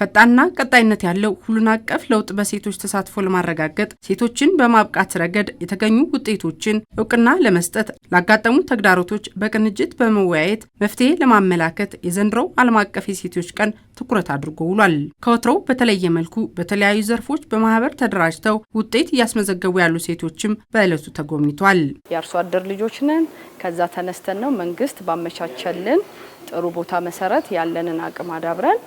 ፈጣንና ቀጣይነት ያለው ሁሉን አቀፍ ለውጥ በሴቶች ተሳትፎ ለማረጋገጥ ሴቶችን በማብቃት ረገድ የተገኙ ውጤቶችን እውቅና ለመስጠት ላጋጠሙ ተግዳሮቶች በቅንጅት በመወያየት መፍትሄ ለማመላከት የዘንድሮው ዓለም አቀፍ የሴቶች ቀን ትኩረት አድርጎ ውሏል። ከወትሮው በተለየ መልኩ በተለያዩ ዘርፎች በማህበር ተደራጅተው ውጤት እያስመዘገቡ ያሉ ሴቶችም በዕለቱ ተጎብኝቷል። የአርሶ አደር ልጆች ነን። ከዛ ተነስተን ነው መንግስት ባመቻቸልን ጥሩ ቦታ መሰረት ያለንን አቅም አዳብረን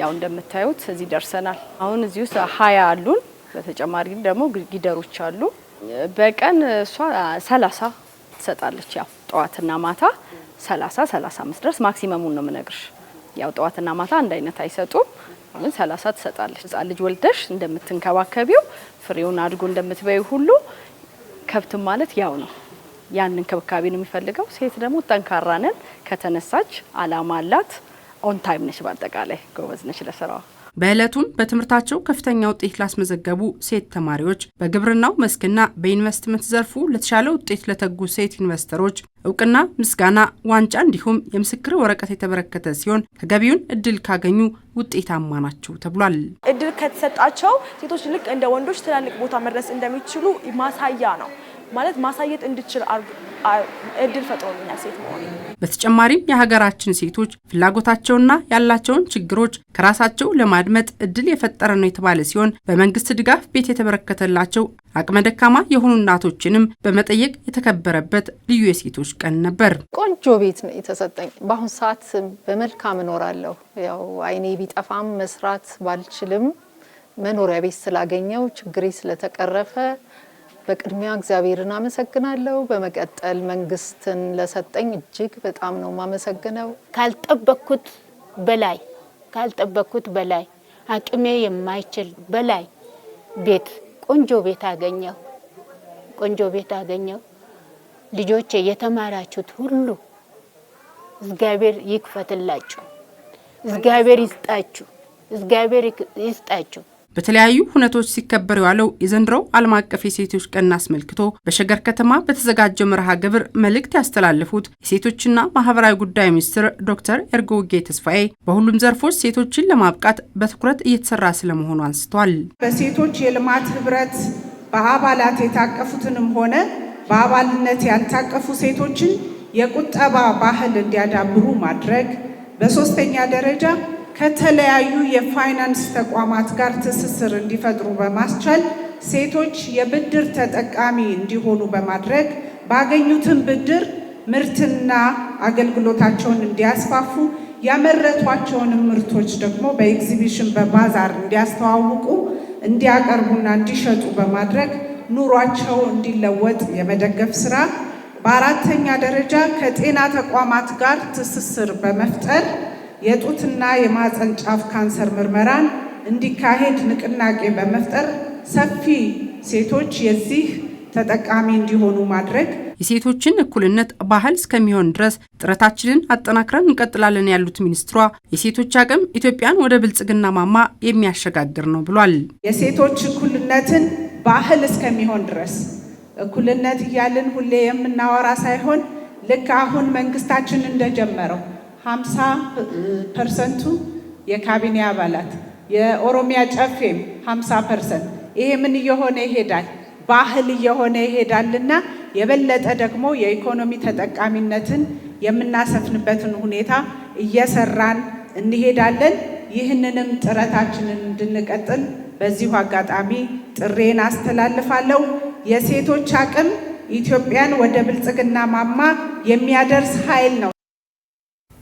ያው እንደምታዩት እዚህ ደርሰናል። አሁን እዚህ ውስጥ ሀያ አሉን። በተጨማሪ ደግሞ ጊደሮች አሉ። በቀን እሷ ሰላሳ ትሰጣለች። ያው ጠዋትና ማታ ሰላሳ ሰላሳ አምስት ድረስ ማክሲመሙን ነው የምነግርሽ። ያው ጠዋትና ማታ አንድ አይነት አይሰጡም፣ ግን ሰላሳ ትሰጣለች። ህጻን ልጅ ወልደሽ እንደምትንከባከቢው ፍሬውን አድጎ እንደምትበይ ሁሉ ከብትም ማለት ያው ነው ያን እንክብካቤ ነው የሚፈልገው። ሴት ደግሞ ጠንካራ ነን ከተነሳች አላማ አላት። ኦን ታይም ነሽ፣ በአጠቃላይ ጎበዝ ነሽ ለስራዋ። በዕለቱም በትምህርታቸው ከፍተኛ ውጤት ላስመዘገቡ ሴት ተማሪዎች በግብርናው መስክና በኢንቨስትመንት ዘርፉ ለተሻለ ውጤት ለተጉ ሴት ኢንቨስተሮች እውቅና፣ ምስጋና፣ ዋንጫ እንዲሁም የምስክር ወረቀት የተበረከተ ሲሆን ተገቢውን እድል ካገኙ ውጤታማ ናቸው ተብሏል። እድል ከተሰጣቸው ሴቶች ልክ እንደ ወንዶች ትላልቅ ቦታ መድረስ እንደሚችሉ ማሳያ ነው። ማለት ማሳየት እንድችል እድል ፈጥሮልኛል ሴት መሆኔ። በተጨማሪም የሀገራችን ሴቶች ፍላጎታቸውና ያላቸውን ችግሮች ከራሳቸው ለማድመጥ እድል የፈጠረ ነው የተባለ ሲሆን በመንግስት ድጋፍ ቤት የተበረከተላቸው አቅመ ደካማ የሆኑ እናቶችንም በመጠየቅ የተከበረበት ልዩ የሴቶች ቀን ነበር። ቆንጆ ቤት ነው የተሰጠኝ። በአሁን ሰዓት በመልካም እኖራለሁ። ያው አይኔ ቢጠፋም መስራት ባልችልም መኖሪያ ቤት ስላገኘው ችግሬ ስለተቀረፈ በቅድሚያ እግዚአብሔርን አመሰግናለሁ። በመቀጠል መንግስትን ለሰጠኝ እጅግ በጣም ነው የማመሰግነው። ካልጠበኩት በላይ ካልጠበኩት በላይ አቅሜ የማይችል በላይ ቤት ቆንጆ ቤት አገኘው ቆንጆ ቤት አገኘው። ልጆቼ የተማራችሁት ሁሉ እግዚአብሔር ይክፈትላችሁ፣ እግዚአብሔር ይስጣችሁ፣ እግዚአብሔር ይስጣችሁ። በተለያዩ ሁነቶች ሲከበር የዋለው የዘንድሮው ዓለም አቀፍ የሴቶች ቀን አስመልክቶ በሸገር ከተማ በተዘጋጀው መርሃ ግብር መልእክት ያስተላለፉት የሴቶችና ማህበራዊ ጉዳይ ሚኒስትር ዶክተር ውጌ ተስፋዬ በሁሉም ዘርፎች ሴቶችን ለማብቃት በትኩረት እየተሰራ ስለመሆኑ አንስተዋል። በሴቶች የልማት ህብረት በአባላት የታቀፉትንም ሆነ በአባልነት ያልታቀፉ ሴቶችን የቁጠባ ባህል እንዲያዳብሩ ማድረግ፣ በሶስተኛ ደረጃ ከተለያዩ የፋይናንስ ተቋማት ጋር ትስስር እንዲፈጥሩ በማስቻል ሴቶች የብድር ተጠቃሚ እንዲሆኑ በማድረግ ባገኙትን ብድር ምርትና አገልግሎታቸውን እንዲያስፋፉ ያመረቷቸውንም ምርቶች ደግሞ በኤግዚቢሽን በባዛር እንዲያስተዋውቁ እንዲያቀርቡና እንዲሸጡ በማድረግ ኑሯቸው እንዲለወጥ የመደገፍ ስራ፣ በአራተኛ ደረጃ ከጤና ተቋማት ጋር ትስስር በመፍጠር የጡትና የማህፀን ጫፍ ካንሰር ምርመራን እንዲካሄድ ንቅናቄ በመፍጠር ሰፊ ሴቶች የዚህ ተጠቃሚ እንዲሆኑ ማድረግ የሴቶችን እኩልነት ባህል እስከሚሆን ድረስ ጥረታችንን አጠናክረን እንቀጥላለን ያሉት ሚኒስትሯ የሴቶች አቅም ኢትዮጵያን ወደ ብልጽግና ማማ የሚያሸጋግር ነው ብሏል። የሴቶች እኩልነትን ባህል እስከሚሆን ድረስ እኩልነት እያልን ሁሌ የምናወራ ሳይሆን ልክ አሁን መንግስታችን እንደጀመረው ሀምሳ ፐርሰንቱ የካቢኔ አባላት የኦሮሚያ ጨፌም ሀምሳ ፐርሰንት ይሄ ምን እየሆነ ይሄዳል? ባህል እየሆነ ይሄዳልና የበለጠ ደግሞ የኢኮኖሚ ተጠቃሚነትን የምናሰፍንበትን ሁኔታ እየሰራን እንሄዳለን። ይህንንም ጥረታችንን እንድንቀጥል በዚሁ አጋጣሚ ጥሬን አስተላልፋለሁ። የሴቶች አቅም ኢትዮጵያን ወደ ብልጽግና ማማ የሚያደርስ ኃይል ነው።